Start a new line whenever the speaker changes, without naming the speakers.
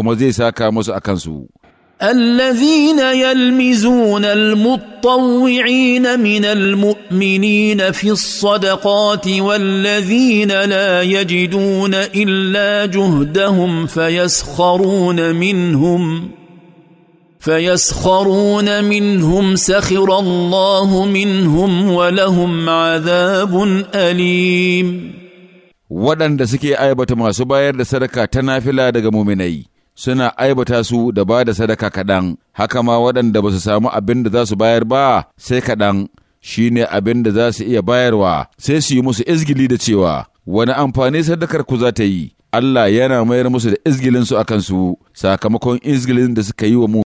kuma zai saka musu a kansu.
الذين يلمزون المطوعين من المؤمنين في الصدقات والذين لا يجدون الا جهدهم فيسخرون منهم فيسخرون منهم سخر الله منهم ولهم عذاب
اليم waɗanda suke aibata masu bayar da sadaka ta nafila daga muminai suna aibata su da ba da sadaka kaɗan, haka ma waɗanda ba su samu abin da za su bayar ba sai kaɗan shi ne abin da za su iya bayarwa sai su yi musu izgili da cewa wani amfani sadakar ku za ta yi, Allah yana mayar musu da izgilinsu a kansu sakamakon izgilin da suka yi wa mu.